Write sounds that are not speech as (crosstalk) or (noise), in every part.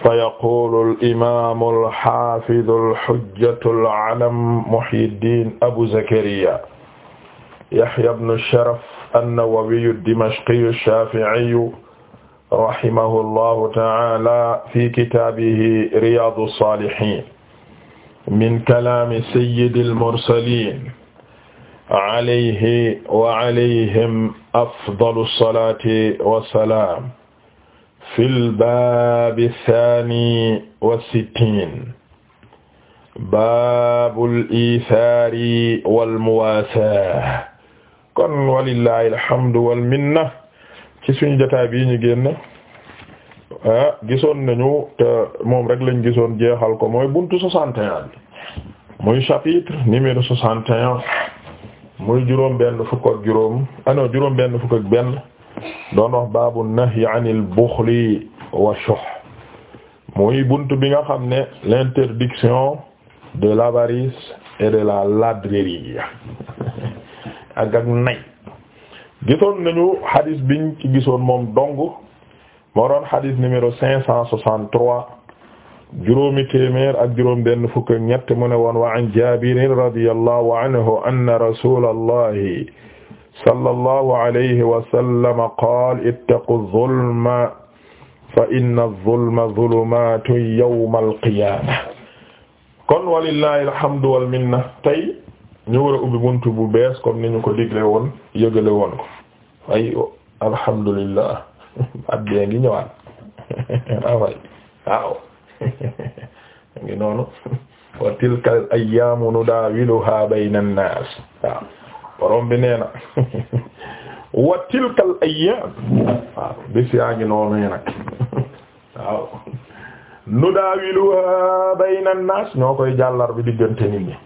فيقول الإمام الحافظ الحجة العلم محي الدين أبو زكريا يحيى بن الشرف النووي الدمشقي الشافعي رحمه الله تعالى في كتابه رياض الصالحين من كلام سيد المرسلين عليه وعليهم أفضل الصلاة والسلام fil baabi saani wa sittiin baabul iisaari wal muwaasaa kon walillaahi alhamdu wal minna ci suñu jotaay bii ñu génn ah gisoon nañu te moom rek lañ gisoon jeexal ko mooy buntu 61 muy chapitre numéro 61 muy juróom benn fukk ak juróom ah juróom benn fukk ak benn. doon wax baabu nahyi anil buxli wa shuh muy buntu bi nga xam ne l'interdiction de l'avarice et de la ladrerie (laughs) ak ak nay gisoon nañu xadis biñ gisoon moom dong moo doon xadis numéro cinq cent soixante-trois juróomi téeméer ak juróom benn fukk ak mu ne woon wa an Jaabir radiyallahu anhu anna rasulallahi sallallahu alayhi wa sallam qaal ittaqu zulma fa inna zulma zulumaatun yawmal qiyaama kon walillahi alhamdu wal minna tey ñu war a ubbi buntu bu bees comme ni ñu ko digle woon yëgale woon ko ay alhamdulillah (laughs) at bee ngi ñëwaat away (laughs) ah, waaw (laughs) ngi noonu wa tilka al ayyaamu nudaawiluhaa bayna an-naas waaw borom bi nee na (laughs) wa tilkal ayyam waaw bis yaa ngi noonu nag (laughs) waaw nu daawiluha bayna nas ñoo koy jàllar bi diggante nit ñi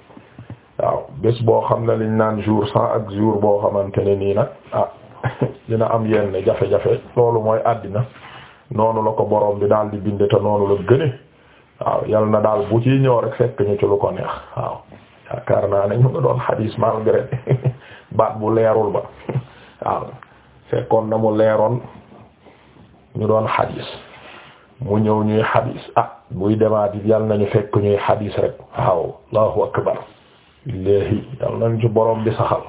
waaw bés boo xam ne liñ naan jour cent ak jour boo xamante ne nii nag ah (laughs) dina am yenn jafe-jafe loolu mooy àddina noonu la ko borom bi daal di binde te noonu la gëne waaw yal na daal bu ci ñëw rek fekk ñu ci lu ko neex waaw yaakaar naa ne ñu nga doon xadiis malgré baat bu leerul ba waaw fekkoon na mu leeroon ñu doon xadiis mu ñëw ñuy xadiis ah buy demaat yal nañu fekk ñuy xadiis rek waaw allahu akbar illaahi yal nañu ci borom bi saxal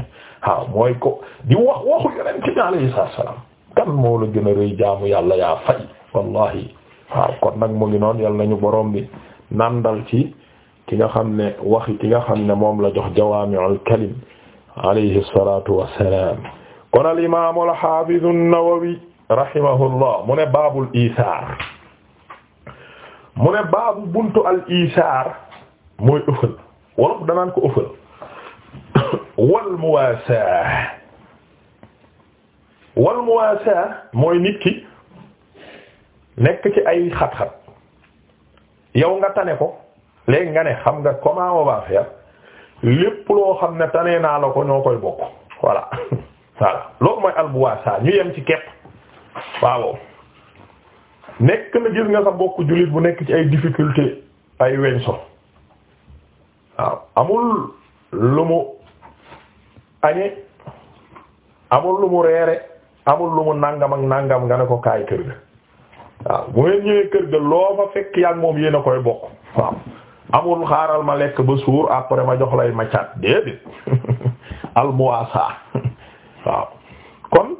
(laughs) waaw mooy ko di wax waxu yonent bi alayhi salaam kan moo la gën jaamu yàlla yaa fay wallahi waaw kon nag yal nañu borom bi nandal ci ki nga xam ne waxi ki nga xam ne moom la jox jawaami'ul kalim alayhi salaatu wa kon al imaam al haafiz an mu ne baabul isaar mu ne baabu buntu al mooy ëffal wolof danaan ko ëffal wal muwaasaa wal muwaasaa mooy nit ki nekk ci ay xat-xat yow nga tane ko léegi nga ne xam nga comment on va faire lépp loo xam ne tanee naa la ko ñoo koy bokk voilà (laughs) voilà loolu mooy albuwaasa ñu yem ci kepp waaw nekk na gis nga sa bokk jullit bu nekk ci ay difficulté ay weñso waaw amul lu mu añe amul lu mu reere amul lu mu nàngam ak nàngam nga ne ko kaay kër ga waaw bu ngeen ñëwee kër ga loo fa fekk yaa moom yéen a koy bokk waaw amul xaaral ma lekk ba suur après ma jox lay macaat déedéet (laughs) almuwaasa (laughs) waaw kon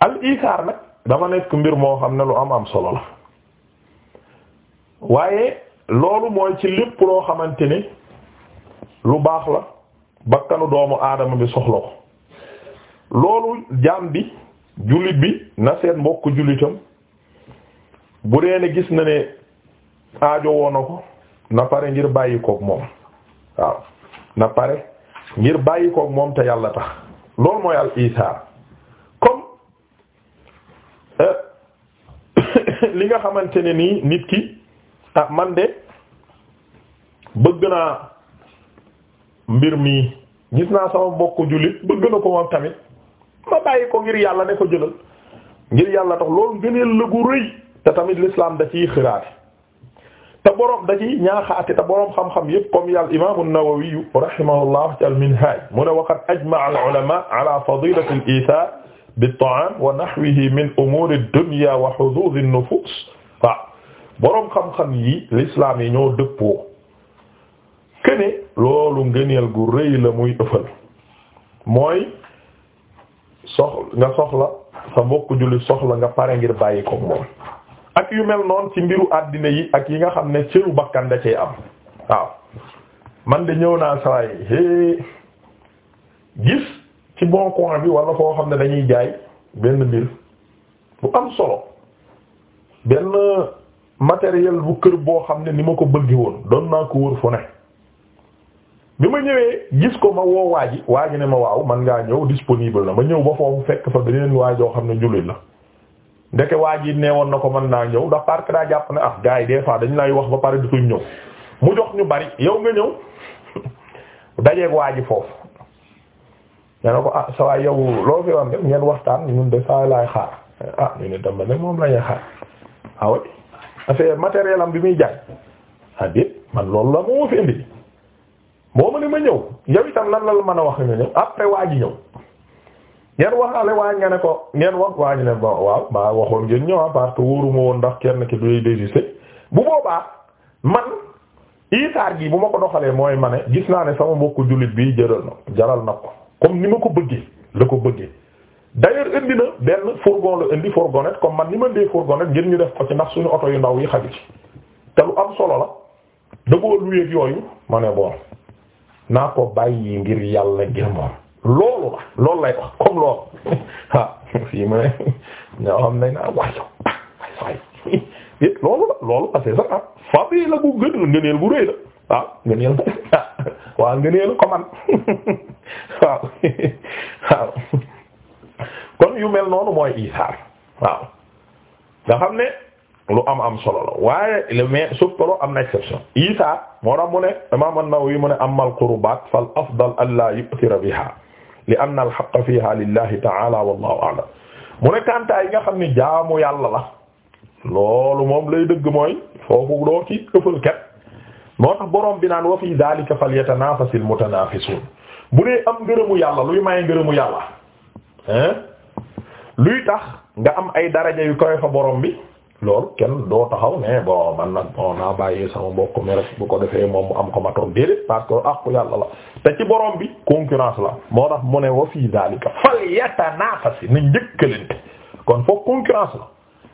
al isaar nag dafa nekk mbir moo xam ne lu am am solo la waaye loolu mooy ci lépp loo xamante ni lu baax la bakkanu doomu aadama bi soxla ko loolu jaam bi jullit bi na seen mbokk jullitam bu dee ne gis na ne aajo woona ko na pare ngir bàyyi koog moom waaw na pare ngir bàyyi koog moom te yàlla tax loolu mooy al isaar comme euh, (coughs) li nga xamante ne nii nit ki ah man de bëgg naa mbir mii gis naa sama mbokku jullit bëgg na ko moom tamit ma bàyyi ko ngir yàlla ne ko jëlal ngir yàlla tax loolu gëneel la rëy te tamit l'islam da ciy xiraate te boroom da ci ñaaxaate te boroom xam-xam yëpp comme yàlla imaamu Nawawi rahimahullah ci al-Minhaj mu ne waqad ajma'a al-ulama ala fadilati al-ithar bit-ta'am wa nahwihi min umur ad-dunya wa hudud an-nufus waaw xam-xam yi l'islam yi ñoo dëppoo kene loolu ngëneel gu rëy la muy ëffal mooy sox nga soxla sa mbokk julli soxla nga pare ngir bàyyi ko moom ak yu mel noonu ci mbiru àddina yi ak yi nga xam ne cëru bakkan da cee am waaw man de ñëw naa saa yi gis ci bon bi wala foo xam ne dañuy jaay benn mbir bu am solo benn matériel bu kër boo xam ne ni ma ko bëgg woon doon naa ko wër fu ne bi ma ñëwee gis ko ma woo waa ji waa ji ne ma waaw man ngaa ñëw disponible na ma ñëw ba foofu fekk fa beneen waajoo xam ne jullit la. ndeke waa ji nee woon na ko mën naa ñëw ndax parce daa jàpp ne ah gars yi des dañu lay wax ba pare dutuñ ñëw mu jox ñu bari yow nga ñëw (laughs) dajeeg waa ji foofu. nee na ko ah sa waay yow loo fi ngeen waxtaan ñun de saa laay xaar ah ñu ne dama ne moom la ñuy xaar waaw ah affaire matériel am bi muy jaay ah man loolu la moo fi indi boo ma ne ma ñëw yow itam nan la la mën a wax nga ñëw après waa ji ñëw. ngeen waxaale waa ngeen ne ko ngeen wax waa ñu ne bon waaw maa waxoon ngeen ñëw parce que wóoruma woon ndax kenn ki doy désister bu boobaa man itaar gi bu ma ko doxalee mooy ma ne gis naa ne sama mbokku jullit bi jëral na jaral na ko comme ni ma ko bëggee la ko bëggee. d'ailleurs indi na benn fourgon la indi fourgonnette comme man ni ma dee fourgonnette ngir ñu def ko ci ndax suñu oto yu ndaw yi xaju ci te lu am solo la da koo yooyu ma ne bon ko bàyyi ngir yàlla ngir moom. loolu la loolu lay wax loolu ah (laughs) (laughs) loolu la loolu parce que sax ah gën la ngëneel bu waaw ah, ngëneel bu ah (laughs) waaw kon yu mel noonu mooy isaar waaw nga xam ne lu am am solo la waaye le mais suppalo am na exception isaar moo tax mu ne imam an-Nawawi mu ne amal qurbat fal afdal an la biha li anna al haqqa fiha lillahi ta'ala wallahu a'lam mu ne kantaa yi nga xam ne jaamu yàlla la loolu moom lay dëgg mooy foofu doo ci ëppal ket moo tax borom bi naan wa fi dhalika falyatanafasil mutanafisun bu dee am ngërëmu yàlla luy may ngërëmu yàlla hein luy tax nga am ay daraja yu koy fa borom bi loolu kenn doo taxaw ne bon man nag bon naa bàyyi sama mbokk mi ko defee moom mu am ko ma toog déedéet parce que aqu ah, yàlla la te ci borom bi concurrence la moo tax mu ne wa fii daalika falyatanafasi na njëkkalante kon foog concurrence la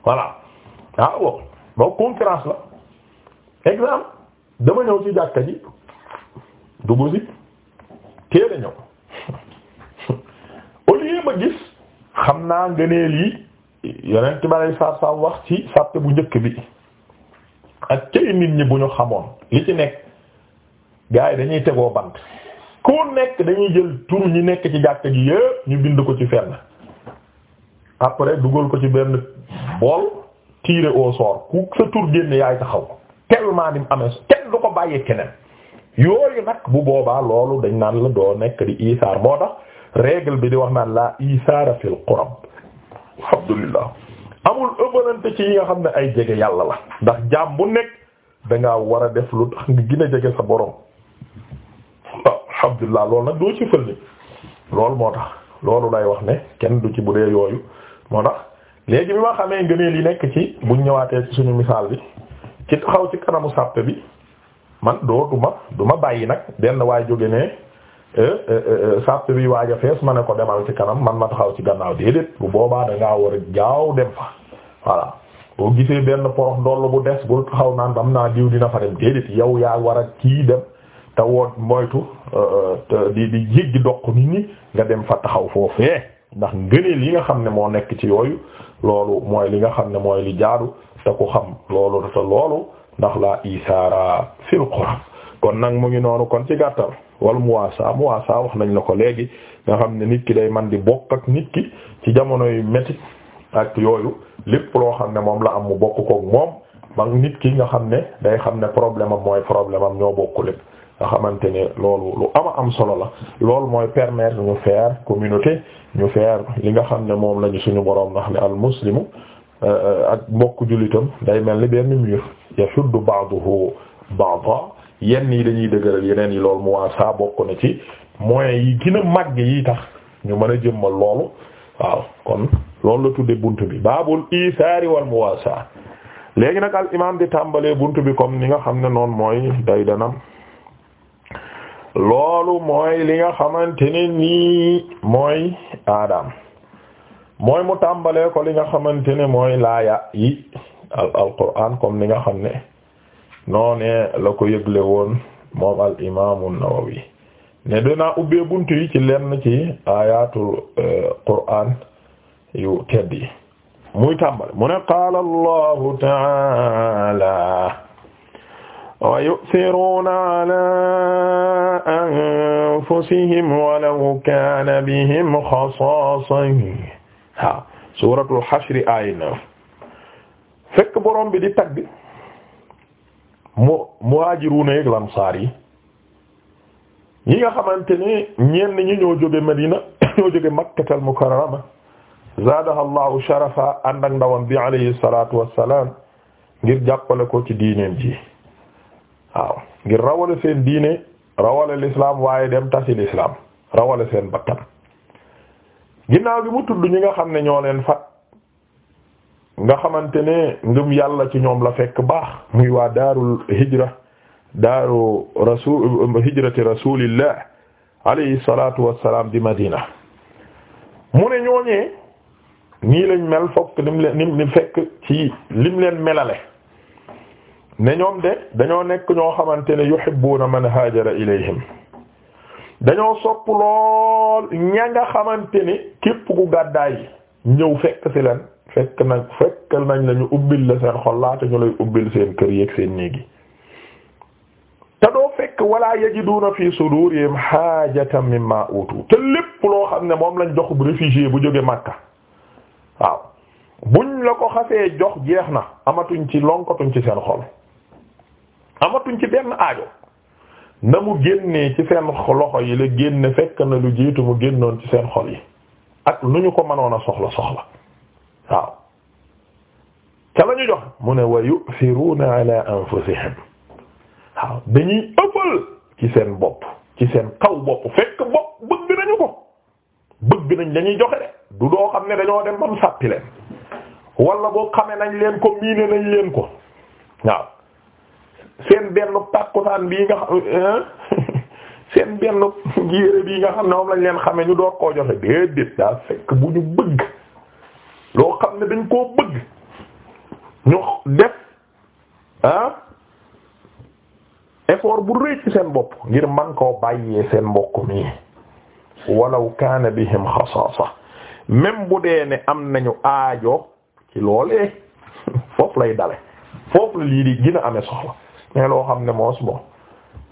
voilà waaw ah, boog concurrence la exemple dama ñëw ci jàkka ji dugu si kéeda ñëw (laughs) au lieu ma gis xam naa ngëneel yi yeneen kibaray saar saar wax ci sàppe bu njëkk bi ak cay nit ñi bu ñu xamoon li ci nekk gars yi dañuy tegoo bant ku nekk dañuy jël tur ñi nekk ci jàkk ji yëpp ñu bind ko ci fenn après dugal ko ci benn bool tiré au ku sa tur génn yaay taxaw tellement ni mu amee kenn du ko bàyyee keneen yooyu nag bu boobaa loolu dañ naan la doo nekk di isaar moo tax règle bi di wax naan la isaara fil qurab alhamdulillah amul ëpbalante ci yi xam ne ay jege yàlla la ndax jaam bu nekk dangaa war a def lu tax nga gën a jege sa borom waaw alhamdulillah loolu nag doo ci fëlni loolu moo tax loolu lay wax ne kenn du ci bu dee yooyu moo tax léegi bi ma xamee ngëneel yi nekk ci buñ ñëwaatee ci suñu misaal bi ci xaw ci kanamu sàppe bi man doo duma bàyyi nag benn waay jóge ne Euh, euh, euh, sàpp bi waaj a fees ma ne ko demal ci kanam man ma taxaw ci gannaaw déedéet bu boobaa da war a gaaw dem fa voilà boo gisee benn porox ndoll bu des bu taxaw naan am naa diw dina fa dem déedéet yow yaa war a kii dem te woot moytu di di jéggi doq nit ñi nga dem fa taxaw foofee ndax ngëneel yi nga xam ne moo nekk ci yooyu loolu mooy li nga xam ne mooy li jaadu te ku xam loolu te loolu ndax laa isaara fil Qur'an kon nag mu ngi noonu kon ci gàttal wal muwaasa muwaasa wax nañ la ko léegi nga xam ne nit ki day man di bokk ak nit ki ci jamonoy métti ak yooyu lépp loo xam ne moom la am mu bokk koog moom ba nit ki nga xam ne day xam ne problème am mooy problème am ñoo bokk lépp nga xamante ne loolu lu ama am solo la loolu mooy permettre ñu faire communauté ñu faire li nga xam ne moom lañu suñu boroom ndax ne al muslimu euh, ak mbokk julitam day mel ni benn mur yashuddu ba'duhu ba'da yenn yi dañuy dëgëral yeneen yi loolu mu waa bokk na ci moyens yi gën màgg yi tax ñu mën a jëmmal loolu waaw kon loolu la tudde bunt bi baabul isaari wal muwaasa léegi nag al imaam di tàmbalee bunt bi comme ni nga xam ne noonu mooy day danam loolu mooy li nga xamante ne nii mooy aadaam mooy mu tàmbalee ko li nga xamante ne mooy laaya yi al al quraan comme ni nga xam ne noone la ko yëgle woon moom al imaamu Nawawi ne dina ubbee buntu yi ci lenn ci ayatul eh, qur'aan yu tedd muy tàmbale mu ne qaala allahu taala wa yu'thiruuna ala anfusihim walaw kaana bihim xasaasatun ha suuratul hashr aaya fekk bi di tagg mu muhaajiruuna ak lansaar yi ñi nga xamante ni ñenn ñi ñoo jóge Madina (coughs) ñoo jóge Makkatal Mukarrama zaadahallahu sharafa ànd ak ndawam bi alayhi salaatu wassalaam ngir jàppale ko ci diineem ji waaw ngir rawale seen diine rawale l'islam waaye dem tasi l'islam rawale seen bakkan ginnaaw bi mu tudd ñi nga xam ne ñoo leen fat nga xamante ne ngëm yàlla ci ñoom la fekk baax muy waa daaru hijra daaru rasul hijrati rasulillah alayhi salatu wassalam di madina mu ne ñooñee nii lañ mel fokk nim leen nim ni fekk ci lim leen melale ne ñoom de dañoo nekk ñoo xamante ne yuhibbuna man haajara ilayhim dañoo sopp lool ña nga xamante ni képp ku gàddaay ñëw fekk ci leen fekk nag fekkal nañ la ñu ubbil la seen xol laata ñu lay ubbil seen kër yeeg seen néeg yi te doo fekk wala yajiduna fi sudurihim haajatan mimma utu te lépp loo xam ne moom lañ jox bu bu jóge Makka waaw buñ la ko xasee jox jeex na amatuñ ci lonkatuñ ci seen xol amatuñ ci benn aajo na mu génnee ci seen loxo yi la génne fekk na lu jiitu mu génnoon ci seen xol yi ak lu ñu ko mënoon a soxla soxla waaw ca la ñu jox mu ne wa yu'thiruna ala anfusihim waaw dañuy ëppal ci seen bopp ci seen kaw bopp fekk bopp bëgg nañu ko bëgg nañ dañuy joxe de du doo xam ne dañoo dem bam sàppi leen wala boo xamee nañ leen ko miine nañ leen ko waaw seen benn tàkkusaan bii nga xam (laughs) seen benn yére bii nga xam ne moom lañ leen xamee ñu door koo joxe déedéet daa fekk bu ñu bëgg loo xam ne dañ koo bëgg ñu def ah effort bu rëy seen bopp ngir man koo bàyyee seen mbokk mi walaw kaana bihim xasaasa même bu dee ne am nañu aajo ci loolee lay dale foofu la lii di gën a soxla mais loo xam ne moos bon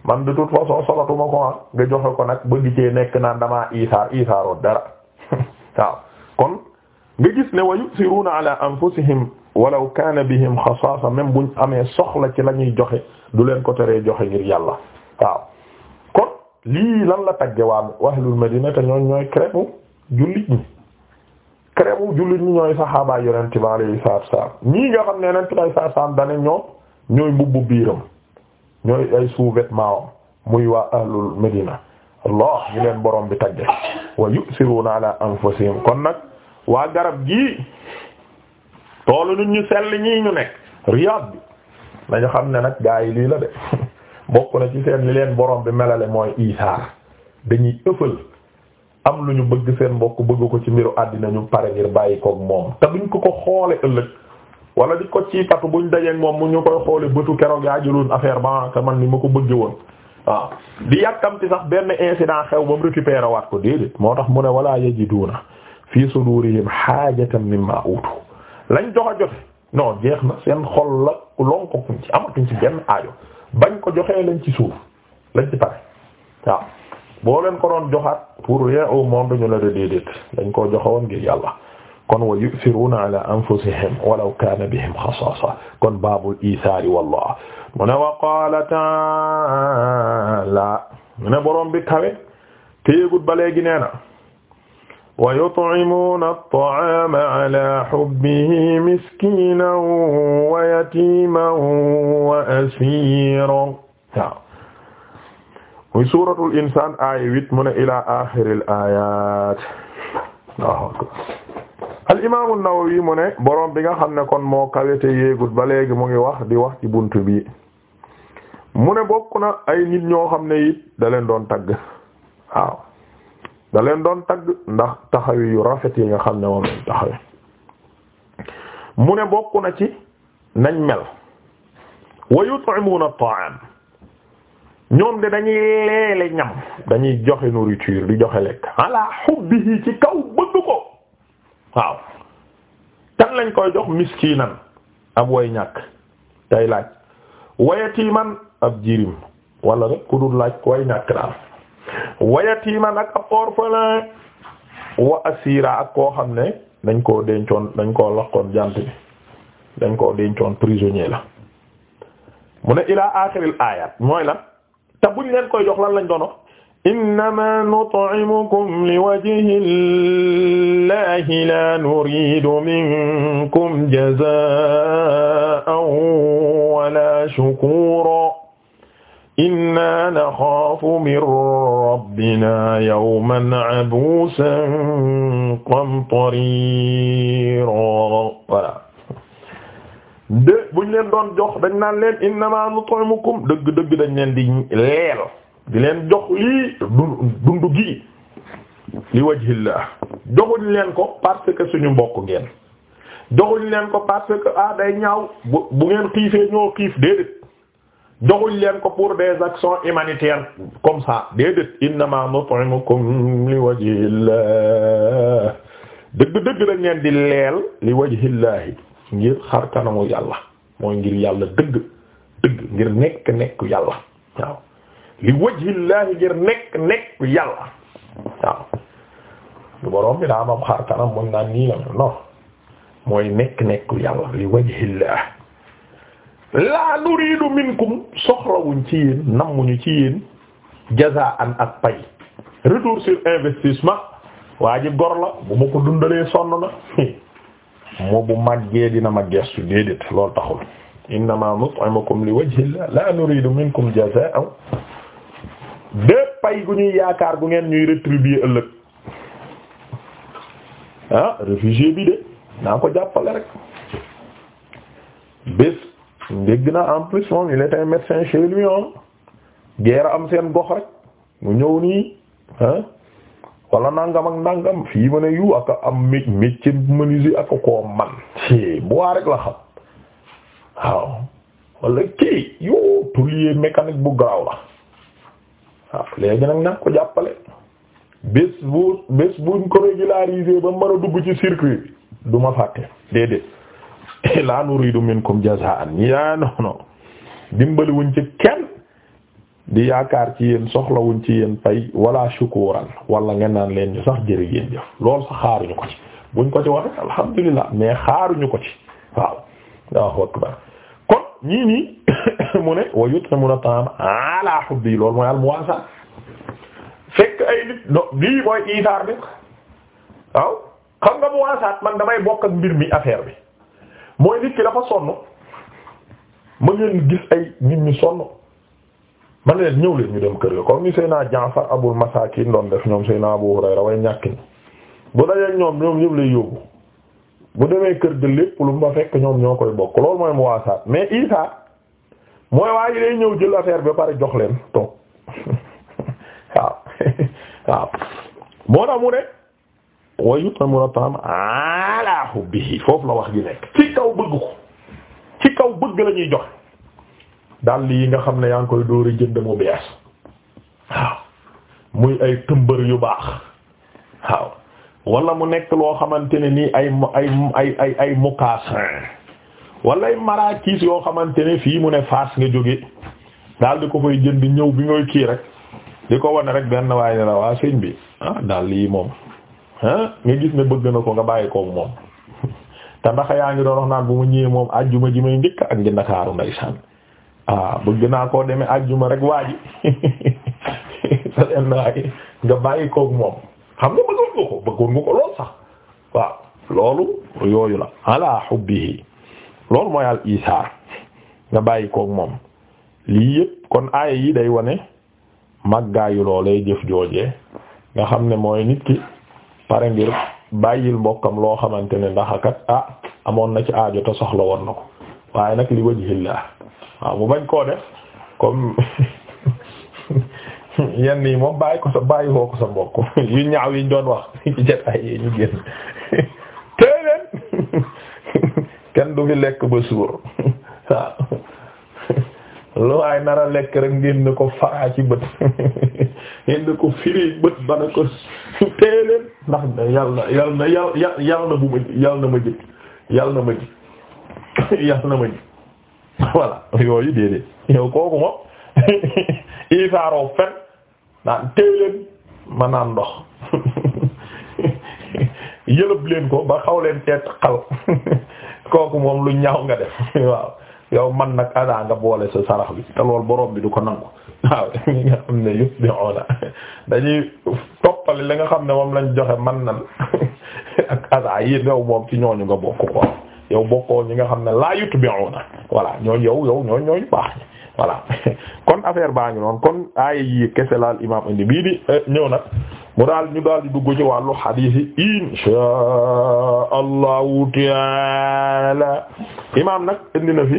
man de toute façon solatuma ko ah, nga joxe ko nag bëgg cee nekk naan damaa isaar isaaroo dara (laughs) waaw nga gis ne wa yusiruuna ala anfusihim walaw kaana bihim xasaasa même buñ amee soxla ci la ñuy joxe du leen ko teree joxe ngir yàlla waaw kon lii lan la tagge waa ahlul madina te ñooñ ñooy crème jullit ñi crème jullit ñi ñooy saxaabaay yonent bi alayhi salaatu wassalaam ñii nga xam ne yonent bi alayhi ñoom ñooy mbubbu biiram ñooy ay sous-vêtements muy waa ahlul madina allah ñu leen borom bi tagge wa yusiruuna ala anfusihim kon nag waa garab gii toolu nit ñu sell ñii ñu nekk Riyad bi nañu xam ne nag gaa yi lii la de (laughs) bokk na ci seen li leen boroom bi melale mooy isaar dañuy ëffal am lu ñu bëgg seen mbokk bëgg ko ci mbiru àddina ñu pare ngir bàyyi koog moom te buñ ko ko xoole ëllëg wala di ko ci patu buñ dajeeg moom mu ñu koy xoole bëtu keroog yaa jëloon affaire ba te man ni ma ko bëgge woon waaw di yàkkamti sax benn incident xew ba mu récupéré waat ko déedéet moo tax mu ne wala yajiduuna fii sudurihim haajatan mimma utu lañ jox a joxe non jeex na seen xol la lon ko kuñ ci amatuñ ci benn aajo bañ ko joxee lañ ci suuf lañ ci pare waaw boo leen ko doon joxaat pour rien au monde ñu la de déedéet dañ koo joxewoon ngir yàlla kon wa yu'thiruna ala anfusihim walaw kana bihim xasaasa kon baabul isaari wallah mu ne wa qaala ta'ala mu ne borom bi kawe te yéegut ba léegi nee na wa yut'imuuna at-ta'aama 'alaa hubbihi miskiinan wa yatiiman wa asiiran muy suuratul insaan aaya huit mu ne ilaa aaxiril aayaat al imaamu Nawawi mu ne borom bi nga xam ne kon moo kawete yéegut ba léegi mu ngi wax di wax ci bunt bi mu ne bokk na ay nit ñoo xam ne it da leen doon tagg waaw daleen doon tagg ndax taxaw yu rafet yi nga xam ne moom lañ taxawe mu ne bokk na ci nañ mel wa yut'imuna at-ta'am ñoom de dañuy leele ñam dañuy joxe nourriture di joxe lekk ala hubbihi ci kaw bëgg ko waaw tan lañ koy jox miskinan ab way ñàkk tay laaj wa man ab jirim wala rek ku dul laaj way ñàkk daal wa yatiiman ak ab wa asira ak koo xam ne dañ koo dencoon dañ koo lakkoon jant dañ koo dencoon la mu ne ila aaxiril ayat mooy lan te buñ leen koy lan lañ doon wax innama nut'imukum liwajhillahi la nuridu minkum jazaa'an wala shukura inna naxaafu min rabbina yawman abuusan qamtarira voilà de buñ leen doon jox dañ naan leen innama nut'imukum dëgg dëgg dañ leen di leel di leen jox lii dundu gi li wajhillah joxuñ leen ko parce que suñu mbokk ngeen joxuñ leen ko parce que ah ñaaw bu ngeen xiifee ñoo xiif déedéet joxuñ leen ko pour des actions humanitaires comme ça déedéet innama nut'imukum li wajhillah dëgg-dëgg lañ leen di leel li wajhillahi ngir xar kanamu yàlla mooy ngir yàlla dëgg ngir nekk nekk yàlla li wajhillahi ngir nekk nekk yàlla waaw lu boroom daa am xar kanam mun naan nii la non mooy nekk nekk yàlla li wajhillahi laa nuriidu minkum soxlawuñ ci yéen nammuñu ci yéen jazaan ak pay retour sur investissement waa ji gor la bu ma ko dundalee sonn na moo bu màggee dina ma gestu déedéet loolu taxul innama nut'imukum li wajhillah la nuriidu minkum jazaan de pay gu ñuy yaakaar gu ngeen ñuy rétribuer ëllëg ah réfugié bi de naa ko jàppale rek bés dégg na en plus moom il était un médecin chez lui moom geera am seen gox rek mu ñëw nii ah wala nangam ak nangam fii ma ne yu ak am mécanique bu garaaw la waaw léegi nag nag jàppale bés bu bés buñ ko régulariser ba mën a dugg ci circuit bi du ma fàtte la (laughs) nuridu minkum jazaan yaa noono dimbali wuñ kenn di yaakaar ci yéen soxlawuñ ci yéen pay wala shukuran wala ngeen leen ñu sax jërë ngeen jëf loolu sax xaaruñu ko ci buñ ko ci wax alhamdulilah mais xaaruñu ko ci waaw waaw akbar kon ñii nii (coughs) mu ne wa yut'imuna ta'am ala hubbi loolu mooy al muwasa fekk ay nit no lii mooy bi waaw xam nga muwasaat man damay bokk mbir mi affaire bi mooy nit ki dafa sonn ma ngeen gis ay nit ñu sonn man leen ñëw ñu dem kër ga comme ni Seyna Jaafar Abul Masaakin doon def ñoom Seyna Abu Hurayra way ñàkk ñi bu dajee ñoom ñoom ñëpp lay yóbbu bu demee kër ga lépp lu mu fa fekk ñoom ñoo koy bokk loolu mooy mu waasaat mais Isa mooy waa day ñëw jël affaire bi pare jox leen toog (laughs) waaw (laughs) waaw moo tax mu ne wa yut'imuna ta'am ala hubbihi foofu la wax ji nekk ci kaw bëgg ko ci kaw bëgg lañuy ñuy jox dàll yi nga xam ne yaa ngi koy dóori jënd mu bees waaw muy ay tëmbër yu baax waaw wala mu nekk loo xamante ne nii ay ay ay ay ay mocassin wala ay maraakis yoo xamante ne fii mu ne faas nga jóge daal di ko fay jënd ñëw bi ngay kii rek di ko wane rek benn waaye ne la waa sëñ bi ah, dàll yi moom nga gis ne bëgg na ko nga bàyyi koog moom (laughs) te ndax yaa ngi doon wax naan bu ma ñëwee moom ajjuma ji may njëkk ak ngi Ndakaaru ndeysaan ah bëgg naa koo demee ajjuma rek waa ji (laughs) sa leen waaye nga bàyyi koog moom xam nga bëggoon nga ko bëggoon nga sax waaw loolu yooyu la ala hubbihi loolu mooy al isaar nga bàyyi koog moom lii yëpp kon aaya yi day wane màggaayu loolee jëf joojee nga xam ne mooy nit ki pare ngir bàyyil mbokkam loo xamante ne ndaxakat ah amoon na ci aajo te soxla woon na ko waaye nag li wajhillah waaw mu bañ koo def comme (laughs) yenn yi moom bàyyi ko sa bàyyi ko sa mbokk (laughs) yu ñaaw yiñ doon wax (laughs) ci ay yi ñu génn tey leen kenn du fi lekk ba suur waaw lu waay nar lekk rek ngeen ko faraa ci bët ngeen ko firi bët bana ko tey leen ndax yal na yal na yal yal na bu ma yal na ma jëkk yal na ma jëkk (laughs) yal na ma jëkk (laughs) voilà yooyu déedéet yow kooku moom (laughs) isaaroo fen naan téy leen ma naan ndox yëlëb leen ko ba xaw leen teet xal kooku moom lu ñaaw nga def waaw man nag ada nga boole sa sarax bi te lool bi du ko nangu waaw ñi nga xam mottali li nga xam ne moom lañ joxe man nan (laughs) ak ada yi ngaw moom ci ñooñu nga bokk ko yow bokkoo ñi nga xam ne la yutbi'una voilà ñooñu yow yow ñooñu ñooñu baax (laughs) kon affaire baa ngi noonu kon aaya yi kese laal imam indi bii di eh, ñëw nag mu daal ñu daal di dugg ci wàllu xadiis yi insha allahu taala imam nag indi na fi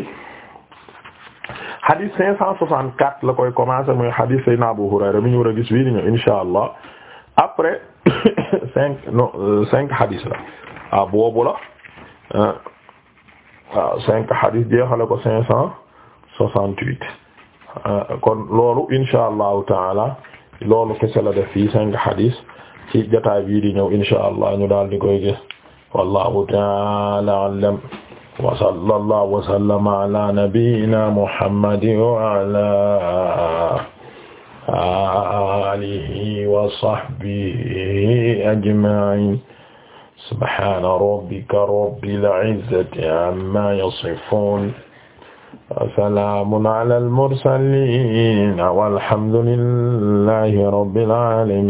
xadiis cinq cent la koy commencer muy xadiis sayna Abu Hurayra mi ñu war a gis bii insha allah après (coughs) cinq non euh, cinq hadith la ah boobu la ah, cinq hadith jeexale ko cinq cent soixante-huit ah, kon loolu insha allahu taala loolu kese la def fii cinq hadith ci jotaay bii di ñëw insha allah ñu daal di koy gis wallahu taala a'lam wa sallallahu ala nabiyyina muhammadin wa alihi wa sahbihi ajma'in subhana rabbika rabbil izzati amma yasifun salaamun alal mursaliin walhamdulillahi rabbil aalamiin